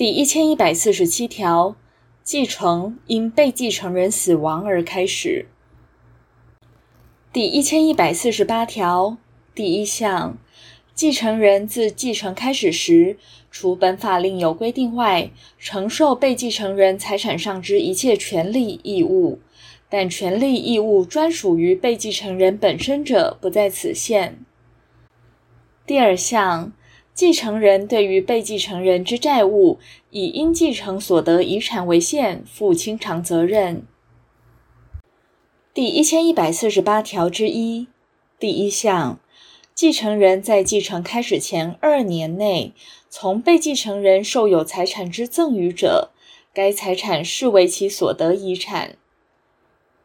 第一千一百四十七條，繼承因被繼承人死亡而開始。第一千一百四十八條第一項，繼承人自繼承開始時，除本法另有規定外，承受被繼承人財產上之一切權利義務，但權利義務專屬於被繼承人本身者，不在此限。第二項。繼承人對於被繼承人之債務，以因繼承所得遺產為限，負清償責任。第一千一百四十八條之一第一項，繼承人在繼承開始前二年內，從被繼承人受有財產之贈與者，該財產視為其所得遺產。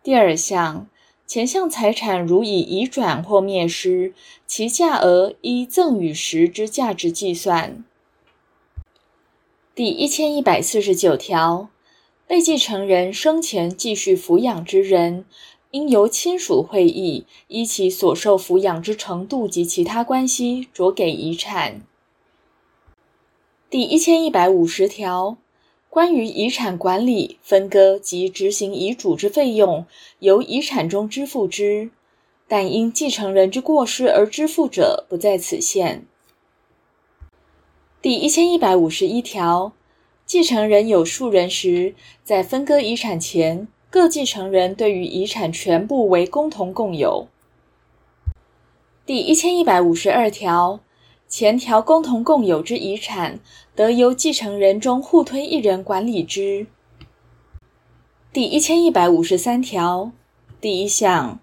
第二項。前項財產如已移轉或滅失，其價額依贈與時之價值計算。第一千一百四十九條，被繼承人生前繼續撫養之人，應由親屬會議依其所受撫養之程度及其他關係酌給遺產。第一千一百五十條。關於遺產管理、分割及執行遺囑之費用，由遺產中支付之，但因繼承人之過失而支付者不在此限。第一千一百五十一條，繼承人有數人時，在分割遺產前，各繼承人對於遺產全部為共同共有。第一千一百五十二條。前條共同共有之遺產，得由繼承人中互推一人管理之。第一千一百五十三條第一項，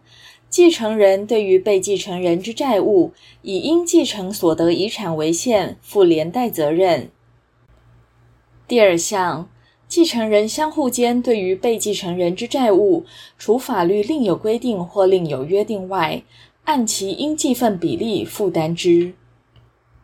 繼承人對於被繼承人之債務，以因繼承所得遺產為限，負連帶責任。第二項，繼承人相互間對於被繼承人之債務，除法律另有規定或另有約定外，按其應繼分比例負擔之。